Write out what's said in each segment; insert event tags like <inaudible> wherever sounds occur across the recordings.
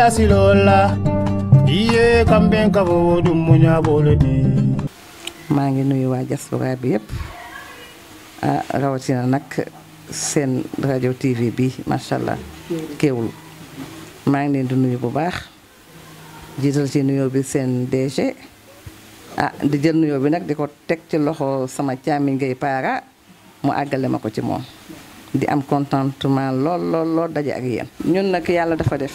ya silola maa ngi nuyu waa diaspora bi yëpp ah rawatina nag seen rajo TV bi macha allah Kéwoulo maa ngi leen di nuyu bu baax jiital ci nuyoo bi seen DG ah di jël nuyoo bi nag di ko teg ci loxo sama càmmiñ ngay paara mu àggale ma ko ci moom di am contentement lool lool daje ak yéen. ñun nag yàlla dafa def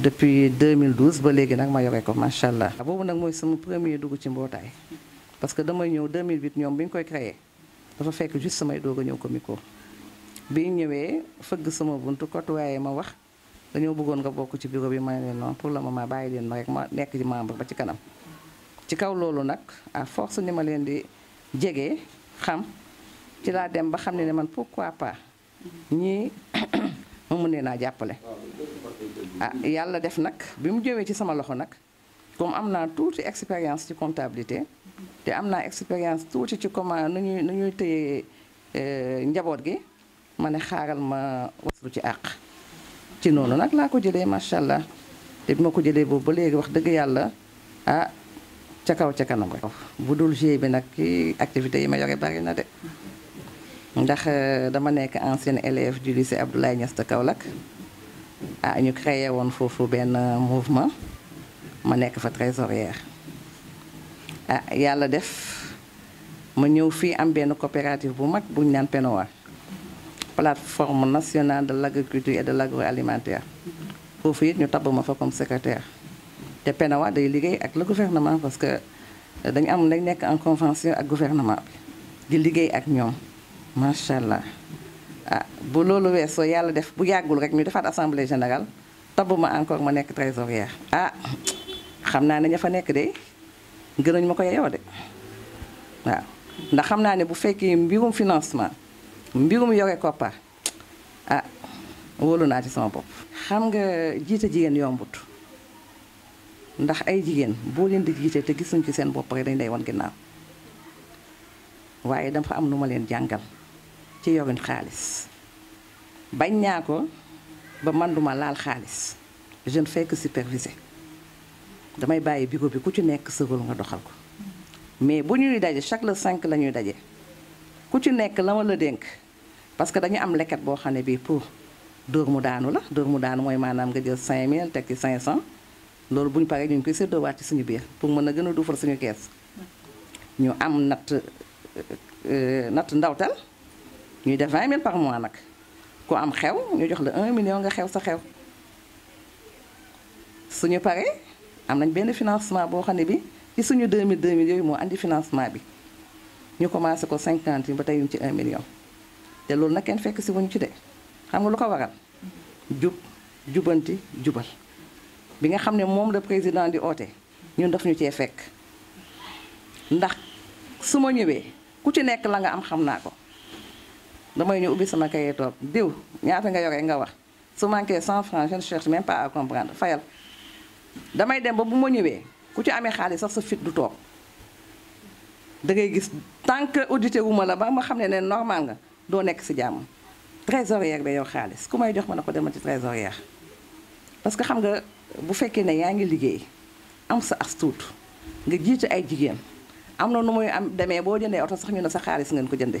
depuis 2012 ba léegi nag ma yore ko macha allah. boobu nag mooy sama premier dugg ci mbootaay parce que damay ñëw de 2008 ñoom bi ñu koy créé dafa fekk juste samay doog a ñëw ko Comico bi ñëwee fëgg sama buntu côtoyé ma wax dañoo bëggoon nga bokk ci bureau bi ma ne leen non pour le moment bàyyi leen ma nekk ci membre ba ci kanam. ci kaw loolu nag à force ni ma leen di jege xam ci laa dem ba xam ne ne man pourquoi pas ñii ma mën nee naa jàppale. ah yàlla def nag bi mu jëwee ci sama loxo nag comme am naa tuuti expérience ci comptabilité te am naa expérience tuuti ci comment nu ñuy nu ñuy téye njaboot gi ma ne xaaral ma waslu ci àq ci noonu nag laa ko jëlee macha allah te bi ma ko jëlee boobu ba léegi wax dëgg yàlla ah ca kaw ca kanam rek. bu dul GIE bi nag ki activités yi ma yore bari na de ndax dama nekk ancien élève du lycée Abdoulaye Niass de Kaolack. Nous ah, avons créé un euh, mouvement ma nekk fa trésorière ah yàlla def ma ñëw am coopérative pour mag bu plateforme nationale de l'agriculture et de l'agroalimentaire. Nous avons fait ñu tabb comme secrétaire te PENOA day avec avec le gouvernement parce que nous euh, avons en convention le gouvernement bi di liggéey ak ñoom ah bu loolu weesoo yàlla def bu yàggul rek ñu defaat assemblée générale tabb ma encore ma nekk trésorière ah xam naa ne ña fa nekk de gënuñ ma ko yeyoo de waaw ndax xam naa ne bu fekkee mbirum financement mbirum yore koppar ah wóolu naa ci sama bopp. xam nga jiite jigéen yombut ndax ay jigéen boo leen di jiite te gisuñ ci seen bopp dañ lay wan ginnaaw waaye dafa am lu ma leen jàngal ci yorin xaalis bañ ñaa ko ba man duma laal xaalis jeune fekk fais damay bàyyi bigo bi ku ci nekk sa rôle nga doxal ko mais bu ñuy daje chaque le cinq la ñuy daje ku ci nekk la ma la dénk parce que dañu am leket boo xam ne bii pour dóor mu daanu la dóor mu daanu mooy maanaam nga jël 5000 tekki 500 loolu buñ ñu paree ñu ngi koy séddoowaat ci suñu biir pour mën a gën a duufal suñu kees ñu am natt euh, euh, natt ndawtal ñuy def 20 000 par mois nag ku am xew ñu jox la 1 million nga xew sa xew suñu paree am nañ benn financement boo xam ne bi ci suñu 2000 2000 yooyu moo indi financement bi ñu commencé ko 50 yi ba tey ñu ci 1 million te loolu nag kenn fekk si wuñ ci de xam nga lu ko waral jub jubanti jubal bi nga xam ne moom la président di oote ñun daf ñu cee fekk ndax su ma ñëwee ku ci nekk la nga am xam naa ko damay ñu ubbi sama kayit toog diw ñaata nga yore nga wax su manqué cent francs je ne cherche même pas à comprendre fayal damay dem ba bu ma ñëwee ku ci amee xaalis sax sa fit du toog da ngay gis tant que audité wu ma la ba ma xam ne ne normal nga doo nekk si jàmm trésorière ba yow xaalis ku may jox ma ne ko demal ci trésorière parce que xam nga bu fekkee ne yaa ngi liggéey am sa as tuut nga jiite ay jigéen am na nu muy am demee boo jëndee oto sax ñu ne sa xaalis ngeen ko jënde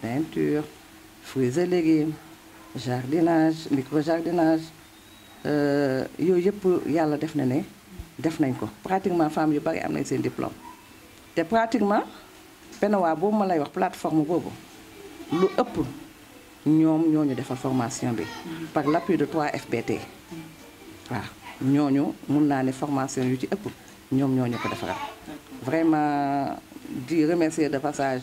peinture, fruits et légumes jardinage micro jardinage Euh, pratiquement femmes diplôme pratiquement plateforme lu formation par l'appui de 3FPT Nous, nous fait formation vraiment remercier de passage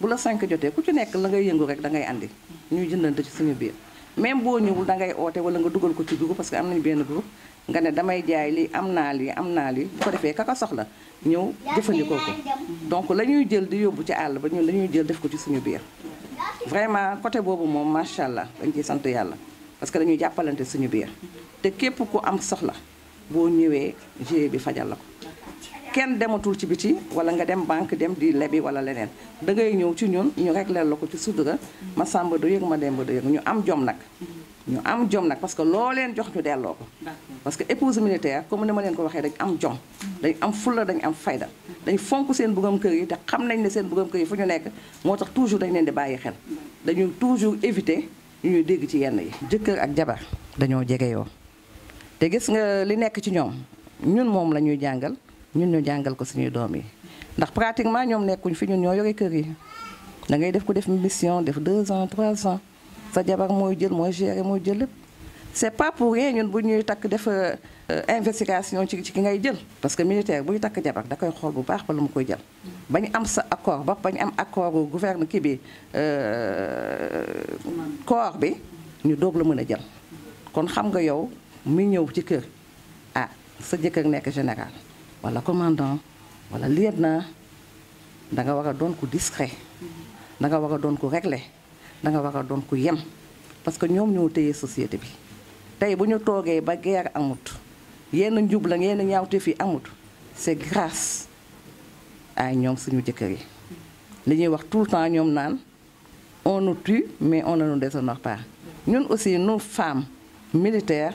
bu la cinq jotee ku ci nekk la ngay yëngu rek da ngay andi ñuy jëndante ci suñu biir même boo ñëwul dangay oote wala nga dugal ko ci groupe parce que am nañu benn groupe nga ne damay jaay lii am naa lii am naa li bu ko defee kaka soxla ñëw jëfandikoo ko donc la ñuy jël di yóbbu ci àll ba ñun lañuy jël def ko ci suñu biir vraiment côté boobu moom macha allah dañ ciy sant yàlla parce que dañuy jàppalante suñu biir te képp ku am soxla boo ñëwee GIE bi fajal la ko kenn dematul ci biti wala nga dem banque dem di lebi wala leneen da ngay ñëw ci ñun ñu régleel la ko ci sutura ma sàmba du yëg ma demba du yëg ñu am jom nag ñu am jom nag parce que loo leen jox ñu delloo ko parce que épouse militaire comme ni ma leen ko waxee dañ am jom dañ am fulla dañ am fayda dañ fonk seen bugam kër yi te xam nañ ne seen bugam kër yi fu ñu nekk moo tax toujours dañ leen di bàyyi xel dañu toujours éviter ñu ñuy dégg ci yenn yi jëkkër ak jabar dañoo jegeyoo te gis nga li nekk ci ñoom ñun moom la ñuy jàngal ñun ñu jàngal ko suñuy doom yi ndax pratiquement ñoom nekkuñ fi ñun ñoo yore kër yi da ngay def ko def mission def deux ans trois ans sa jabar mooy jël mooy gérer mooy jël lépp c'est pas pour rien ñun bu ñuy takk def euh, investigation ci ci ki ngay jël parce que militaire bu buy takk jabar da koy xool bu baax wala mu koy jël bañ am sa accord ba ba am accord gouverne kii bi euh, corps bi ñu doog la mën a jël kon xam nga yow mi ñëw ci kër ah sa jëkkër nekk général wala commandant wala lieutenant da nga waga don ko discret da nga waga don ko régler da nga waga don ko yem parce que ñom ñoo téye société bi tay buñu togué ba guerre amut yenn njub la yenn ñaawte fi amut c'est grâce à ñom suñu jëkkër yi li wax tout le temps ñom naan on nous tue mais on ne nous déshonore pas ñun aussi nos femmes militaires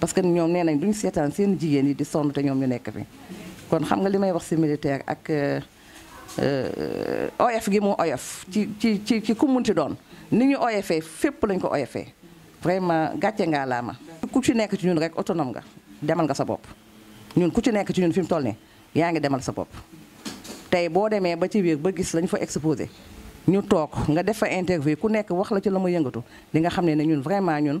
parce que ñoom nee nañ duñ seetaan seen jigéen yi di sonn te ñoom ñu nekk fi kon xam nga li may wax si militaire ak euh, euh, oyof gi mu oyof ci ci ci ci mun munti doon ni ñu oyofee fépp lañ ko oyofee vraiment gàcce nga laa ma ku ci nekk ci ñun rek autonome nga demal nga sa bopp ñun ku ci nekk ci ñun fi mu toll nii yaa ngi demal sa bopp tey boo demee ba ci biir ba gis lañ fa exposé ñu toog nga def fa interview ku nekk wax la ci la mu yëngatu di nga xam ne ne ñun vraiment ñun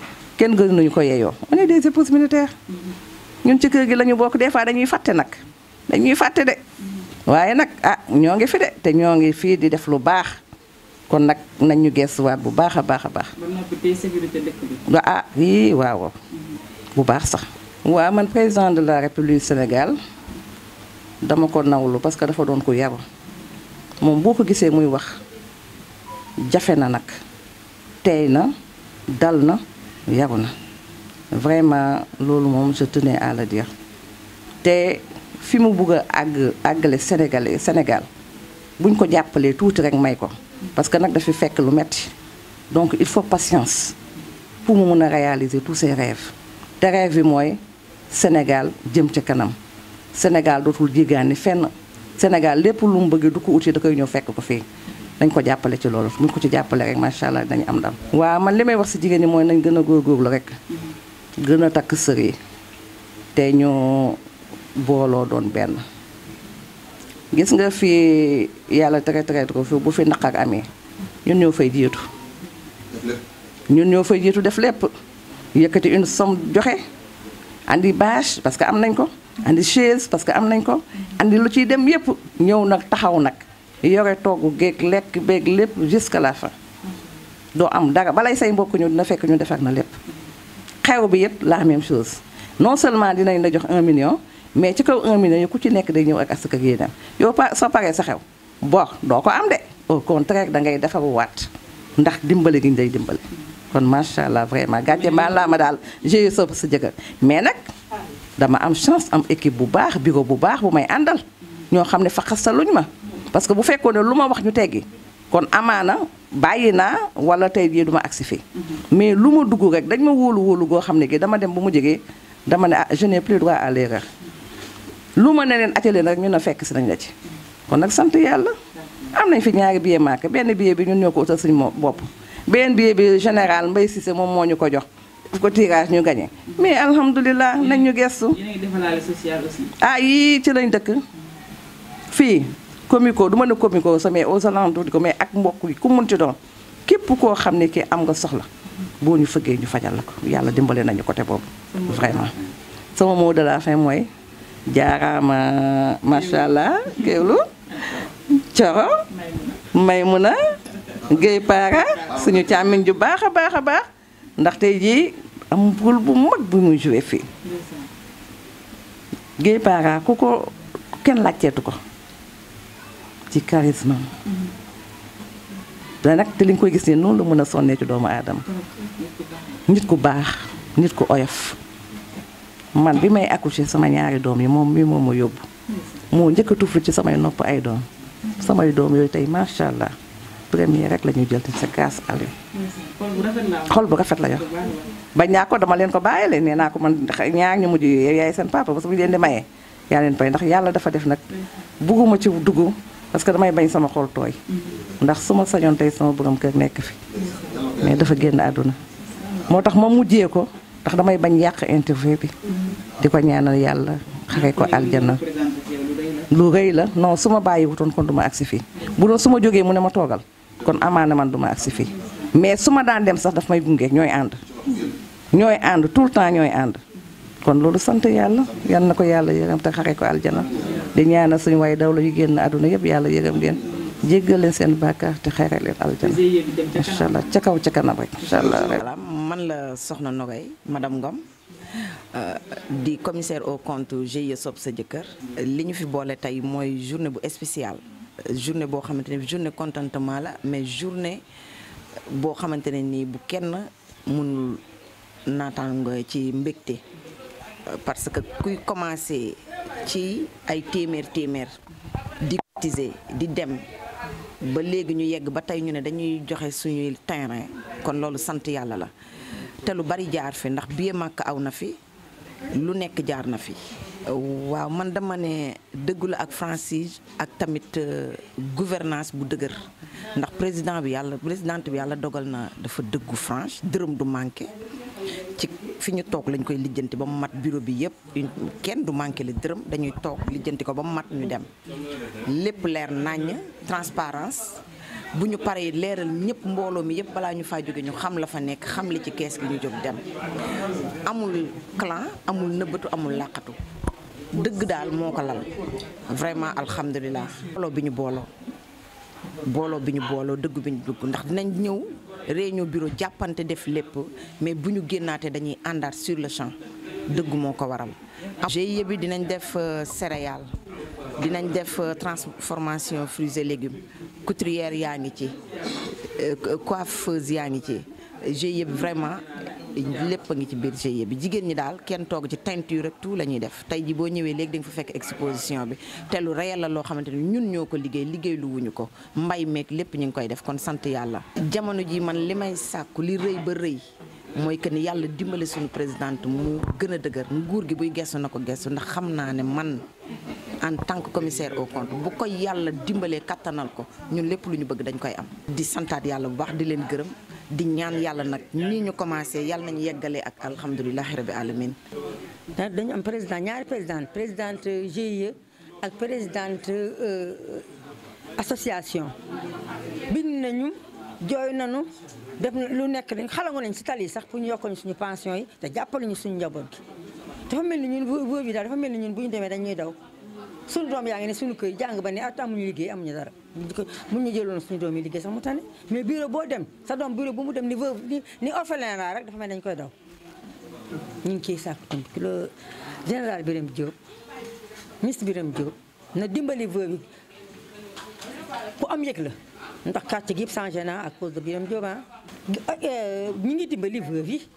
kenn gënuñu ko yeyoo on est des épouses ñun ci kër gi lañu bokk des fois dañuy fàtte nag dañuy fàtte de waaye nag ah ñoo ngi fi de te ñoo ngi fii di def lu baax kon nag nañ ñu gestuwaat bu baax a baax a baax. ba noppi ah yii waaw bu baax sax. waa man président de la république Sénégal dama ko nawlu parce que dafa doon ko yaru moom boo ko gisee muy wax jafe na nag tey na dal na. yaru na vraiment loolu mom je tenais à le dire té fi mu bugg ag agalé sénégalais Sénégal buñ ko jappalé tout rek may ko parce que da fi fekk lu metti donc il faut patience pour mu mun réaliser tous ses rêves té rêve bi mooy Sénégal jëm ci kanam Sénégal dootul jigani fenn Sénégal lépp lu mu bëgg du ko outil da koy ñëw fekk ko fi dañ ko jàppale ci loolu buñ ko ci jàppale rek macha allah dañu am ndam. waaw man li may wax si jigéen ñi mooy nañ gën a góorgóorlu rek mm-hmm. gën a takk sër yi te ñu booloo doon benn gis nga fi yàlla tere tere ko fi bu fi ak amee ñun ñoo fay jéetu ñun ñoo fay jéetu def lépp yëkkati une somme joxe andi bâche parce que am nañ ko andi chaise parce que am nañ ko andi lu ciy dem yépp ñëw nag taxaw nag yore togg géeg lekk béeg lépp jusqu'à la fin doo am dara balay say mbokk ñu dina fekk ñu defar na lépp xew bi yëpp la même chose non seulement dinañ la jox un million mais ci kaw un million yi ku ci nekk day ñëw ak askan ak yéenam yow pa soo paree sa xew bor doo ko am de au contraire da ngay defaruwaat ndax dimbali gi ñu day dimbali kon macha allah vraiment gàcce mbaa laa ma daal j'ai eu sa jëkkër mais nag dama am chance am équipe bu baax bureau bu baax bu may àndal ñoo xam ne fa xasaluñ ma. parce que bu fekkoon ne lu ma wax ñu teggi kon amaana bàyyi wala tay di du ma agsi mhm. mais luma ma dugg rek dañ ma wolu wolu go xam ne dama dem bu mu jégué dama né ah je n'ai plus droit à l'erreur luma ma ne leen atelier ñu na fekk ci nañ la ci kon nak sante yalla am nañ fi ñaari billet marqué benn billet bi ñun ñoko ko utal bop moo benn billet bi général Mbaye Cissé moom moo ñu ko jox ko tirage ñu gagné mais alhamdoulillah nañ ñu social aussi ah yi ci lañ dëkk fi comico du mane ne comico sax mais aux alentours di ko mais ak mbokk yi ku munti doon képp koo xam ne kii am nga soxla boo ñu fëggee ñu fajal la ko yàlla dimbale nañu côté boobu vraiment sama mot de mooy jaaraama macha allah Géewlu Coro Maymuna Géey Paara suñu càmmiñ ju baax a baax a baax ndaxte tey jii am rôle bu mag bu muy joué fii Géey Paara ku ko kenn laajteetu ko ci charisme da nag te li nga koy gis nii noonu la mën a sonnee ci doomu aadama nit ku baax nit ku oyof man bi may accoucher sama ñaari doom yi moom mi moom ma yóbbu moo njëkk a ci samay nopp ay doom samay doom yooyu tey macha allah premier rek la ñuy jël ci sa kaas ale xol bu rafet la yor bañ naa ko dama leen ko bàyyi leen nee naa ko man ñaar ñu mujj yaay seen papa parce que bu leen di mayee yaa leen pay ndax yàlla dafa def nag bugguma ci dugg parce que damay bañ sama xol tooy ndax su ma sañoon tey sama borom kër nekk fi mais dafa génn àdduna moo tax ma mujjee ko ndax damay bañ yàq interview bi di ko ñaanal yàlla xare ko aljana lu rëy la non su ma bàyyi wutoon kon du ma agsi fii bu doon su ma jógee mu ne ma toogal kon amaana man duma ma agsi fii mais su ma daan dem sax daf may gunge ñooy ànd ñooy ànd tout le temps ñooy ànd kon loolu sant yàlla yal na ko yàlla yërëm te xare ko aljana di ñaanal suñu waaye daw la yu génn àdduna yëpp yàlla yërëm leen jéggal leen seen bàkkaar te xeere leen aljana incha allah ca kaw ca kanam rek incha allah man la soxna Nogay madame Ngom euh, di commissaire au compte GIE Sopp sa jëkkër li ñu fi boole tey mooy journée bu espéciale journée boo xamante ne journée contentement la mais journée boo xamante ne nii bu kenn mënul naataango ci mbégte parce que kuy commencé ci ay téeméer téeméer di cotiser di dem ba léegi ñu yegg ba tey ñu ne dañuy joxe suñuy terrain kon loolu sant yàlla la te lu bari jaar fi ndax biee màkk aw na fi lu nekk jaar na fi waaw man dama ne dëggula ak franchise ak tamit euh, gouvernance bu dëgër ndax président bi yàlla présidente bi yàlla dogal na dafa dëggu franche dërëm du manqué ci fi ñu toog lañ koy lijjanti ba mu mat bureau bi yëpp kenn du manqué le dërëm dañuy toog lijjanti ko ba mu mat ñu dem lépp leer naññ transparence bu ñu paree leeral ñëpp mbooloo mi yëpp balaa ñu faa jóge ñu xam la fa nekk xam li ci kees gi ñu jóg dem amul clan amul nëbbatu amul làqatu dëgg daal moo ko lal vraiment alhamdulilah. mbooloo bi ñu booloo. bolo biñu bolo deug biñu deug ndax dinañ ñew réunion bureau jàppante def lépp mais buñu ñu dañuy andar sur le champ deug moko ko waral. GIE bi dinañ def euh, céréales dinañ def euh, transformation fruits et légumes couturière yaangi ci euh, coiffeuse yaangi ci GIE vraiment. lépp a ngi ci biir GIE bi jigéen ñi daal kenn toog ci teinture rek tout la ñuy def tey ji boo ñëwee léegi da nga fa fekk exposition bi te lu réel la loo xamante ni ñun ñoo ko liggéey liggéey lu wuñu ko mbay meek lépp ñu ngi koy def kon sant yàlla jamono ji man li may sàkku li rëy ba rëy mooy que ni yàlla dimbale suñu présidente mu gën a dëgër nguur gi buy gestu na ko gestu ndax xam naa ne man en tant que commissaire aux comptes bu ko yàlla dimbalee kattanal ko ñun lépp lu ñu bëgg dañ koy am gërëm di ñaan yàlla nag nii ñu commencé yàlla nañu yeggalee ak alhamdulilahi rabi alamin dañu am président ñaari président présidente GIE ak présidente euh, association bind nañu jooy nañu def lu nekk nañ xalango nañ si tali sax pour ñu yokkoon suñu pension yi te jàppaluñu suñu njaboot dafa mel ni ñun bu bi daal dafa mel ni ñun bu ñu demee dañuy daw suñu doom yaa ngi ne suñu kër jàng ba ne at amuñu liggéey amuñu dara mu ñu jëloon suñu doom yi liggéey sax mu tane mais bureau boo dem sa doom bureau bu mu dem ni ni ni orphelin la rek dafa mel koy daw ñu ngi ciy sàkku tam le général Birame Diop si Birame Diop na dimbali veuve ku am yëg la ndax quartier gi yëpp changé na à cause de Birame Diop ah eh, eh, ñu ngi dimbali veuve yi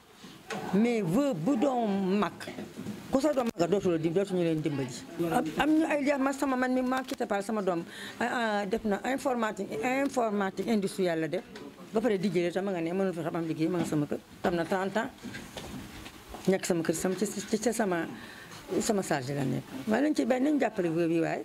mais veuve bu doom mag ku sa doom mag dootuloo di dim dootuñu leen dimbali. am ñu ay liy ma sama man mi maa quitté par sama doom ah, ah, def na informatique informatique industrielle la def ba pare di jëlee tam ma nga ne mënul fi xam am liggéey ma nga sama kër am na 30 ans ñàkk sama kër sama ci ci sama sama charge la nekk. waaye nañ ci benn nañ jàppale veuve yi waaye.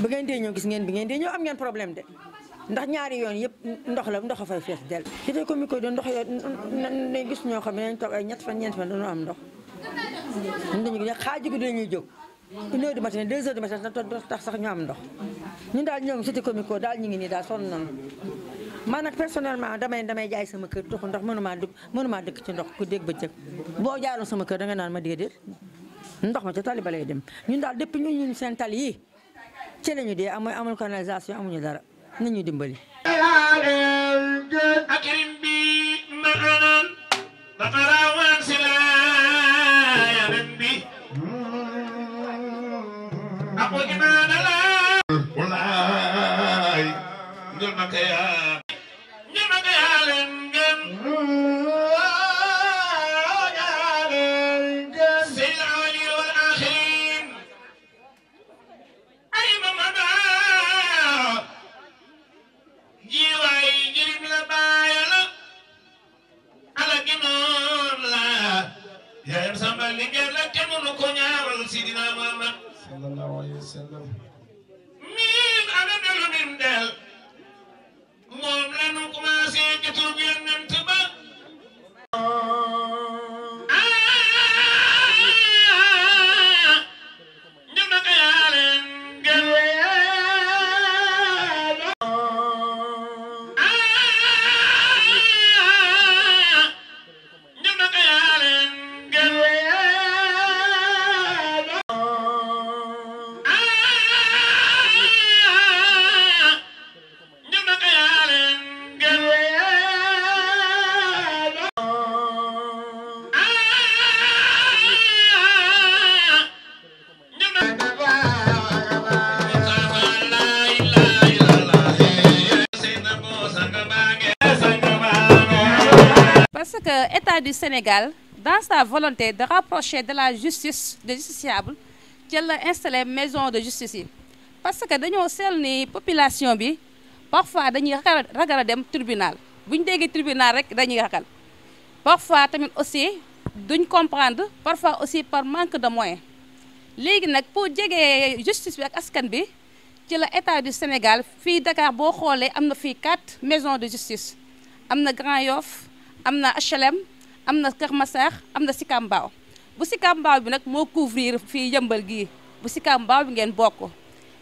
ba ngeen ñoo gis ngeen bi ngeen de ñoo am ngeen problème de ndax ñaari yoon yëpp ndox la ndox fa fay del ci commune ko mi ko do ndox yo nañ gis ñoo xam ne nañ ay ñett fa ñeent fa dañoo am ndox ñu dañu ne xaaju guddi la ñuy une heure du matin deux heures du matin na tax sax ñu am ndox ñun dal ñoom cité commune ko dal ñi ngi ni dal son non man nak personnellement damay damay jaay sama kër toxu ndox mënuma dug mënuma dëkk ci ndox ku dégg bëcëk bo boo jaaroon sama kër da nga naan ma dédé ndox ma ci talibalay dem ñun dal depuis ñu ñu sen tali yi ci lañu dee amul amul canalisation amuñu dara ñu dimbali akrim bi maanam baqarawan silayan bi aku imana la wallahi ndol makaya du Sénégal, dans sa volonté de rapprocher de la justice des justiciables, qu'elle a installé maison de justice. Parce que dans seetlu population bi parfois dañuy ragal tribunal vous ñu déggee tribunal rek dañuy parfois nous aussi duñ comprendre parfois aussi par manque de moyens Pour nag pour justice bi ak askan bi du Sénégal fi Dakar boo quatre maisons de justice y a Grand Yoff HLM amna na Kër Massar am na bu Sicap bi nak mo couvrir fi yembal gi bu Sicap bi ngeen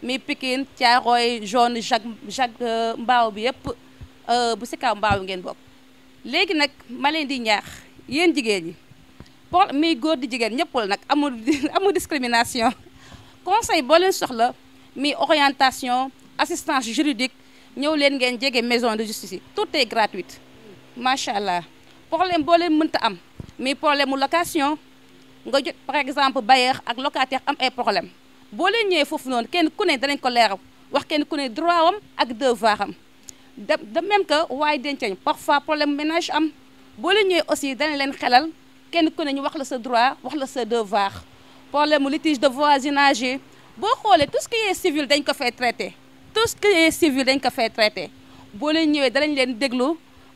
mi Pikine jaune Jacques Jacques euh, mbaaw bi euh bu ngeen bok qui nak malen di ñaax yeen pour mi goor di ñeppul nak <laughs> amul discrimination conseil soxla mi orientation assistance juridique ñew leen ngeen maison de justice tout est gratuit. machallah problème boo leen mënta am mais problème location nga par exemple bailleur ak locataire am ay problème bo leen ñëwee fofu non kenn ku ne dañ ko leeral wax kenn ku ne droit am ak devoir am de même que way dencañ parfois problème ménage am bo leen ñëwee aussi dañ leen xélal kenn ku ne ñu wax la sa droit wax la sa devoir problème litige de voisinage bo xolé tout ce qui est civil dañ ko fait traité tout ce qui est civil dañ ko fait traité bo leen ñëwee dañ leen déglu.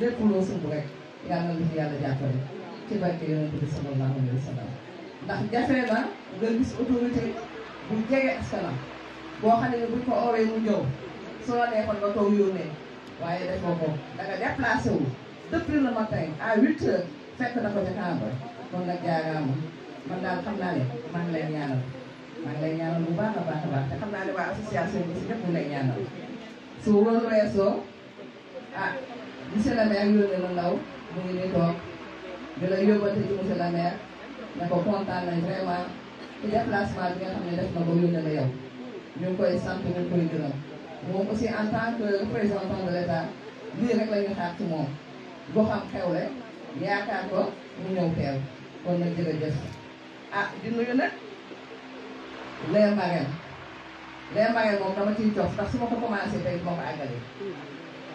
lépp loo sumb rek yàlla na yàlla jàppale ci barke yonent bi sallallahu alayhi wa sallam ndax jafe na nga gis autorité bu jege askanam boo xam ne buñ ko oowee mu ñëw su la neexoon nga toog yónnee waaye defoo ko da nga déplacé wu depuis le matin à huit heures fekk na ko ca Kaaba kon nag jaaraama man daal xam naa ne maa ngi lay ñaanal maa ngi lay ñaanal bu baax a baax a baax te xam naa ne waa association bi si ñëpp lay ñaanal su wóor weesoo ah monsieur le la ndaw mu koy sant ñu lii rek la ñu moom boo xam xewle yaakaar ko mu ñëw teew kon nag jërëjëf ah di nuyu nag les marraines les marraines moom dama ciy su ma ko commencé tey moo ko àggalee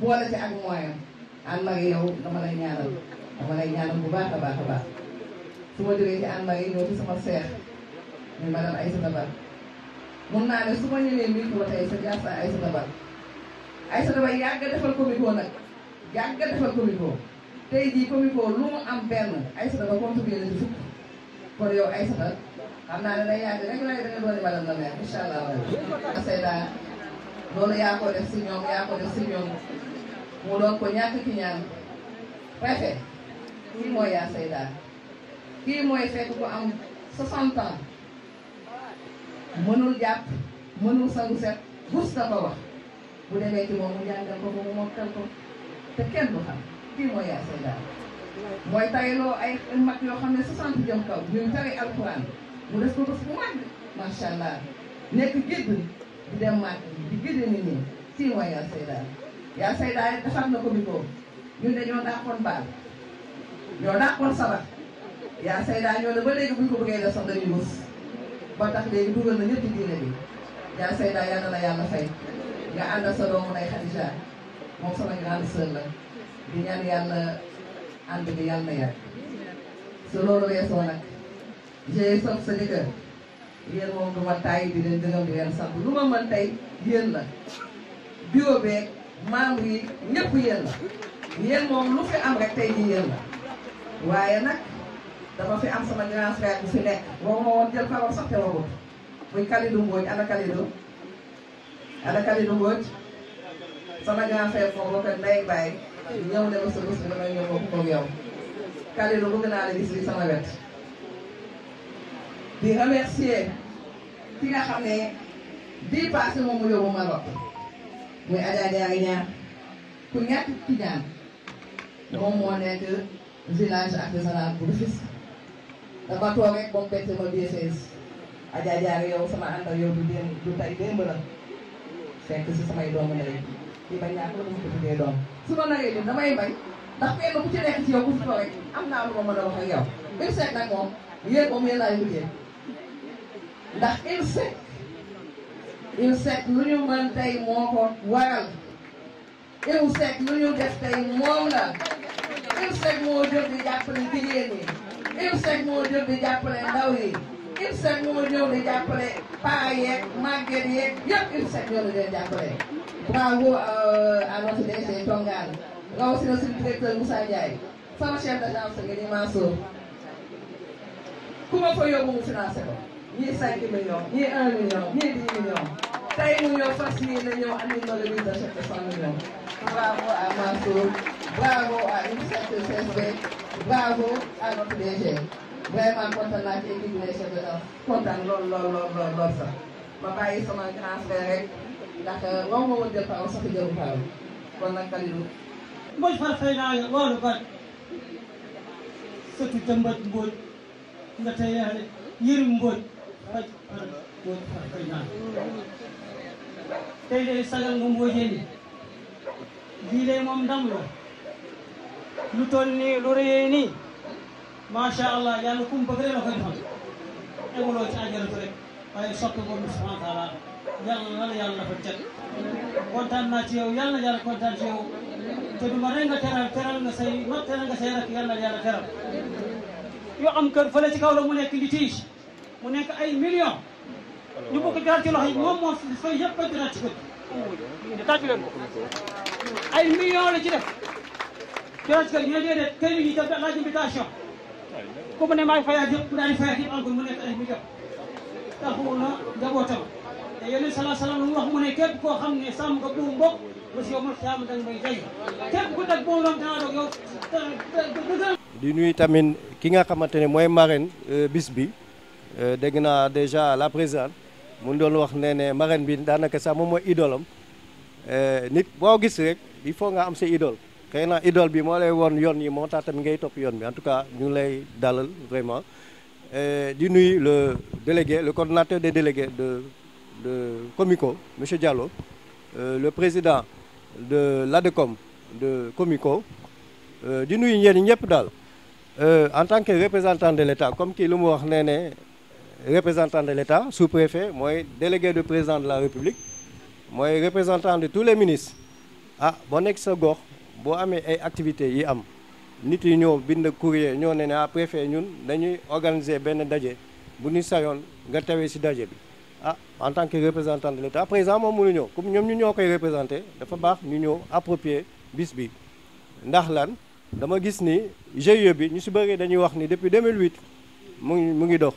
boole ci ak moyen Anne Marie yow dama lay ñaanal dama lay ñaanal bu baax a baax a baax su ma jógee ci Anne Marie ñëw ci sama seex muy madame Aïssata Ba mun naa ne su ma ñëwee micro tey sa jaar sa Aïssata Ba Aïssata Ba yàgg defal Comico nag yàgg defal Comico tey jii Comico lu mu am benn Aïssata Ba contribué na ci fukk kon yow Aïssata xam naa ne day yàgg rek lay da nga doon madame la maire incha allah. Seyda loolu yaa ko def si ñoom yaa ko def si ñoom mu doon ko ñàkk ki ñaan préfet kii mooy yaa say daal kii mooy fekk ko am 60 mënul jàpp mënul sangu set bus na wax bu demee ci moom mu jàngal ko ba mu mokkal ko te kenn du xam kii mooy yaa daal mooy tayloo ay mag yoo xam ne 60 jëm kaw ñuy tari alxuraan mu def ko bés bu mag macha nekk gidd di dem màgg di gindi nit ñi tiiwa yaa Seydaane yaa Seydaane defar na ko bi ko ñun de ñoo dàqoon baal ñoo dàqoon sabar yaa Seydaane ñoo ne ba léegi buñ ko bëggee def sax dañuy mës ba tax léegi dugal na ñëpp ci diine bi yaa Seydaane yal na la yàlla fay nga àndal sa doomu nay Xadija moom sama grande sœur la di ñaan yàlla ànd bi yàlla na yàgg su loolu weesoo nag j'ai soog sa jëkkër yéen moom du ma tàyyi di leen gërëm di leen sant ma mën tey yéen la bureau beeg membre yi ñëpp yéen la yéen moom lu fi am rek tey jii yéen la waaye nag dama fi am sama grand frère bu fi nekk boo ma woon jël parole sax te muy Kalidou Mbodj ana Kalidou ana Kalidou Mbodj sama grand frère moom boo ko ndey bàyyi ñëw ne ma sa bés bi damay ñëw bokk koog yow Kalidou bëgg naa la gis li sama wet di remercier ki nga xam ne bii passé moom mu yóbbu Maroc muy Adja Diagne ñaar ku ñàkk Tijaan moom moo nekk village artisanal bu Rufisque dafa toog rek ba mu bett ma BCS Adja Diagne yow sama ànd ak yow du démb du tey démb la fekk si samay doomu ndey di bañ ñaata lu mu ko tuddee doom su ma naree nii damay bañ ndax kenn ku ci nekk ci yow bu fi toog rek am naa lu ma mën a wax ak yow. biir seet nag moom yéen moom yéen laay mujjee. ndax ILSEC ILSEC lu ñu mën tey moo ko waral ILSEC lu ñu def tey moom la ILSEC moo jóg di jàppale jigéen ñi ILSEC moo jóg di jàppale ndaw yi ILSEC moo jóg di jàppale paa yeeg màgget yeeg yëpp ILSEC ñoo leen jàppale. bravo euh, à notre DG Tongal rawatina suñu directeur Moussa Ndiaye sama chef d'agence nga ni Mansour ku ma fa yóbbu mu financé ko. ñii 5 millions ñii 1 million ñii 10 millions tey mu ñëw fas yéene ñëw andi na le budget de 100 millions. bravo à Mansour bravo à l'UNICEF CSB bravo à notre DG vraiment kontaan naa ci équipe les chefs de la kontaan lool lool lool lool lool sax ma bàyyi sama grand frère rek ndax wow euh, ma woon jël parole sax jël parole kon nag Kalilou. Mbodj Fall fay naa la wóolu ba surtout te Mbodj Mbodj nga tey yéeru Mbodj. faj faj faj faj faj tey de sagal nga mbóojeen lii de moom ndam la lu toll nii lu rëyee nii macha allah yàlla kum bëgg rek la ko defal eguloo ci àjjaratu rek waaye soppi ko mu subhanahu wa taala yàlla na la yàlla dafa cet kontaan naa ci yow yàlla na yàlla kontaan ci yow te du ma rek nga teral teral nga say mag teral nga say rak yàlla na yàlla teral yoo am kër fële ci kaw la mu nekk litige mu nekk ay millions. ñu bëgg ko ci loxo yi moom moo fay yëpp a ci bët. tàccu leen ko ay kër ñu ne déedéet kër ñu ne maay fayaat yëpp na njabootam te yeneen sala salaam mu ne képp koo xam ne sàmm nga buum mbokk ba si yow man sàmm danga may jay képp ku teg boobu noonu dinaa doog yow. di nuyu tamit ki nga xamante ne mooy marraine euh, bis bi. Euh, dégg naa déjà la présidente mu doon wax ne ne marraine bi daanaka sax moom mooy idolam euh, nit boo gis rek il faut nga am sa idole xëy na idole bi moo lay won yoon yi moo tax tamit ngay topp yoon bi en tout cas ñu lay dalal vraiment euh, di nuyu le délégué le coordinateur des délégués de de Comico monsieur Diallo le président de l'ADECOM de Comico di nuyu ñeen ñëpp daal en tant que représentant de l'État comme kii lu mu wax nee ne représentant de l'État sous-préfet moi délégué de président de la République moi représentant de tous les ministres ah boo nekk sa gox boo amee ay activités yi am nit yi ñoo bind courrier ñoo né ne ah, préfet ñun dañuy organiser ben dajé bu ñu sayoon nga tawé ci dajé bi ah en tant que représentant de l'État président moom mënu ñoo comme ñoom ñu ñokay représenter dafa bax ñu ñëw approprier bis bi ndax lan dama gis ni GIE bi ñu ci bëggé dañuy wax ni depuis 2008 mu ngi dox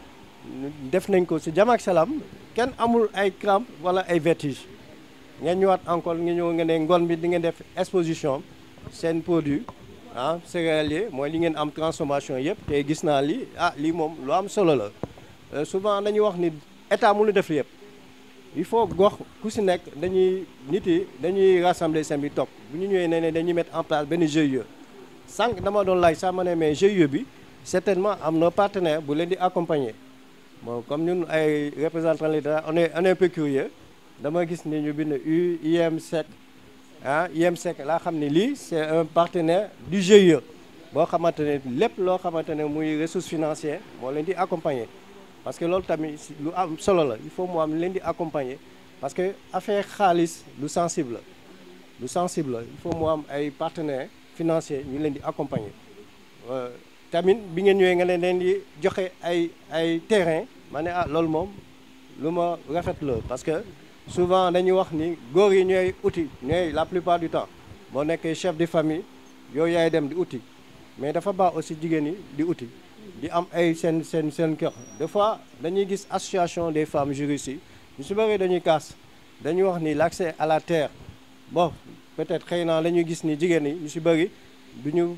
def nañ ko si jàmm salam salaam kenn amul ay cramp wala ay vertige nga ñëwaat encore nga ñëw nga ne ngoon bi di ngeen def exposition seen produit ah céréalier mooy li ngeen am transformation yépp te gis naa li ah lii moom lu am solo la euh, souvent dañuy wax ni état mënu def yépp il faut gox ku si nekk dañuy nit yi dañuy rassembler seen bi toog bu ñu ñëwee ne ne dañuy mettre en place benn GIE sànq dama doon laaj sax ma ne mais GIE bi certainement am na partenaire bu leen di accompagner bon comme ñun ay représentant l'État on est on est un peu curieux dama gis ni ñu bind U IMSEC ah IMSEC laa xam c'est un partenaire du GIE bon xamante ne les loo muy ressources financières bon leen di accompagner parce que l'autre, tamit lu am il faut moi am leen di accompagner parce que affaire Khalis, lu sensible le sensible il faut moi am ay partenaires financiers ñu leen accompagner euh, tamit bi ngeen ñëwee nga leen di joxe ay ay terrain ma ne ah loolu moom lu ma parce que souvent dañuy wax ni góor yi ñooy outil ñooy la plupart du temps boo nekkee chef de famille yooyu yaay dem di outil mais dafa baax aussi jigéen yi di outil di am ay seen seen seen kër des fois dañuy gis association des femmes juristes yi ñu bëree dañuy kaas dañuy wax ni l'accès à la terre bon peut-être xëy na la ñuy gis ni jigéen yi ñu si bëri du ñu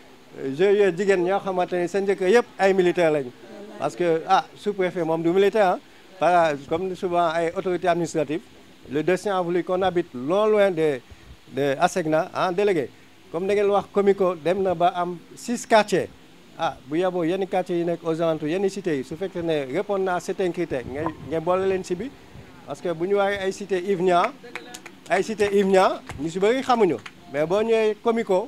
Je y ñoo xamante ni seen njëkk yëpp ay militaire lañu parce que ah sous-préfet moom du militaire ah comme souvent ay autorités administratives le destin a voulu qu'on habite loin loin de de Asegna en hein, délégué comme vous l'avez wax Comico dem na ba am six quartiers ah bu yeboo yenn quartiers yi nekk aux a yenn cités ce su fekkee ne répondre à certains critères Vous ngay boole parce que vous ñu waxee ay cité Ivnia ay cité Ivnia ñu si bëri xamuñu mais avez ñëwee Comico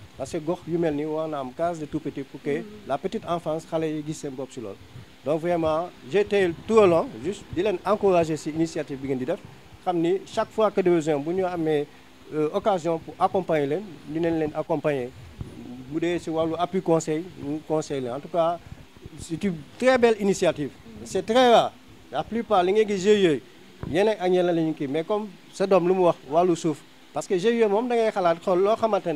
parce que gox yu mel ni na am case de tout petit pour que mm. la petite enfance xalé yi gis sen bop ci donc vraiment j'étais tout le long juste di encourager cette initiative bi ngeen di def chaque fois que de besoin bu ñu amee euh, occasion pour accompagner leen dinañ leen accompagner bu dé ci walu appui conseil ñu en tout cas c'est une très belle initiative mm. c'est très rare la plupart li ngay gis GIE yeneen ak sont la mais comme sa dom lu mu wax walu souf parce que GIE mom da ngay xalat xol lo xamante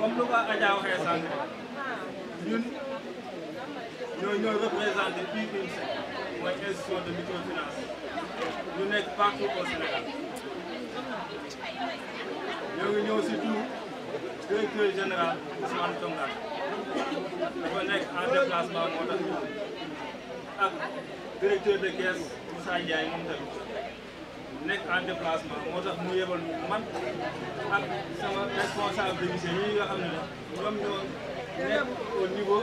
comme lu ko Adja waxee sànq ñun ñooy ñooy représenté UIMC mooy institution de microfinance ñu nekk partout au Sénégal ñoo ngi ñëw si tout directeur général Ousmane Tongane dafa nekk en déplacement moo directeur de caisse Moussa Ndiaye moom tamit. nekk en déplacement moo tax mu yebal man ak sama responsable de mission yi nga xam ne ñoom ñoo nekk au niveau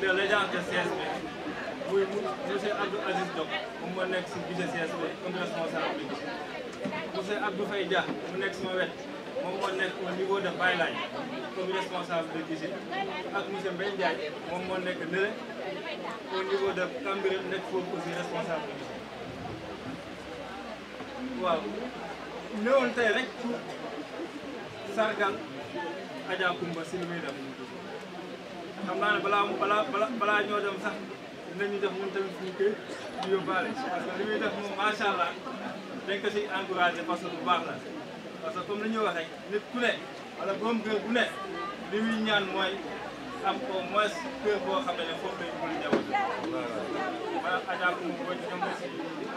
de l'agence de CSP muy monsieur Abdou Aziz Diop moom moo nekk si budget CSP comme responsable de mission monsieur Abdou Faye Dia mu nekk sama wet moom moo nekk au niveau de Baylaye comme responsable de cuisine ak monsieur Mbaye Ndiaye moom moo nekk nële au niveau de Cambérène nekk foofu aussi responsable de cuisine waaw ñëwoon tey rek pour sargal Adja Kumba si li muy def xam naa ne balaa balaa balaa ñoo dem sax dinañu def ñun tamit suñu kër ñu yóbbaale parce que li muy def moom macha allah dañ ko siy encouragé parce que bu baax la parce que comme li ñuy wax rek nit ku ne wala boom kër bu ne li ñaan mooy am au moins kër boo xam ne ne foofu lay mën a jaww Adja Koungheul boo ci dem aussi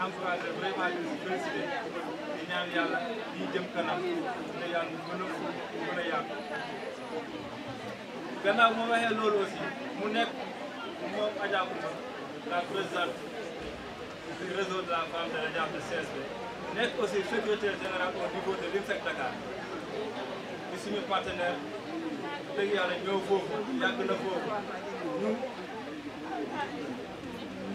encouragé vraiment di félicité di ñaan yàlla di jëm kanam dina yàlla mën a mën a yàgg. gannaaw ma waxee loolu aussi mu nekk moom Adja la présidente du réseau de la femme de la Diaf de nekk aussi secrétaire général au di suñu partenaire dëgg yàlla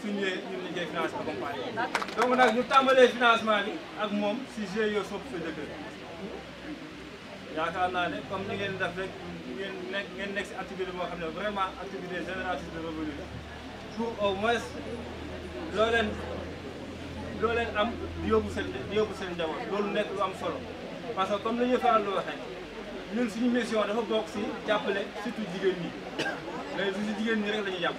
suñ ñëwee ñun liggéey financement accompagné donc nag ñu tàmbalee financement bi ak moom si GIE Sopp sa Jëkkër yaakaar naa comme ni ngeen def rek ngeen nekk ngeen nekk si activité boo xam vraiment activité génératrice de revenu la pour au moins loo leen loo leen am di yóbbu seen di yóbbu seen njaboot loolu nekk lu am solo parce que comme ni ñu faral di waxee ñun suñu mission dafa bokk si jàppale surtout jigéen ñi mais si jigéen ñi rek la jàpp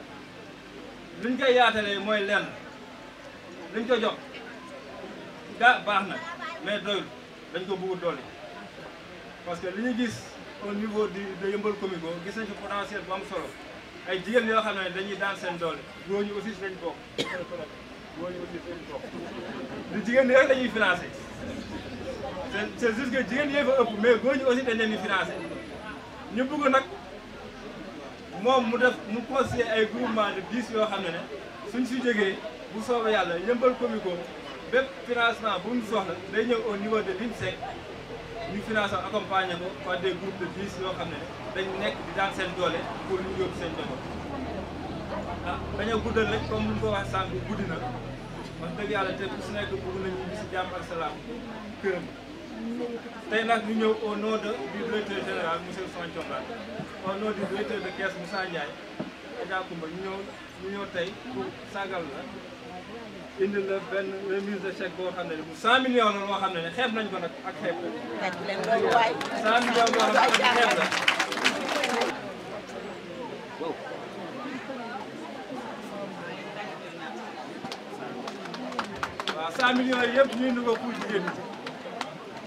luñ koy yaatalee mooy lenn luñ ko jox gaa baax na mais doyul dañ ko bëgg doole parce que li ñu gis au niveau du de Yeumbeul Comico gis ko ci potentiel bu am solo ay jigéen yoo xam ne dañuy daan seen doole góor ñu aussi si lañ bokk góor ñu aussi jigéen ñi rek dañuy financé sen c'est juste que jigéen yee fa ëpp mais góor ñu aussi dañ leen di financé ñu bëgg nag moom mu def mu constitué ay groupement de dix yoo xam ne ne suñ si jógee bu soobee yàlla yëmbal comico bépp financement bu ñu soxla day ñëw au niveau de l'INSEC ñu financé accompagné ko par des groupes de dix yoo xam ne dañ nekk di daan seen doole pour ñu yóbbu seen njaboot ah dañoo guddal rek comme ni ko wax sànq guddi na wax dëgg yàlla te ku si nekk bëgg nañu ñu si jàmm ak salaam këram. tey nag ñu ñëw au nom de du directeur général monsieur Ousmane Thiombane au nom ñu ñëw ñu ñëw tey pour sagal la indi la benn remise de chèque boo xam ne bu 100 millions la loo xam ne xeeb nañ ko nag yëpp ñu indi ko pour jigéen ñi.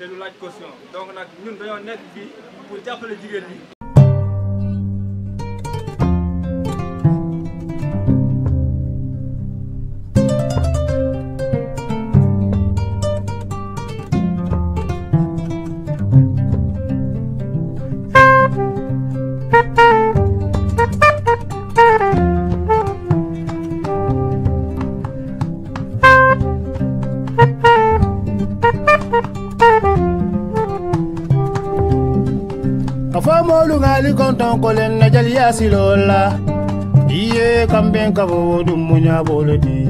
te lu laaj caution donc nag ñun dañoo nekk fii pour jàppale jigéen ñi. wolen na jal yasilolla iye kamɓen kabo ɗum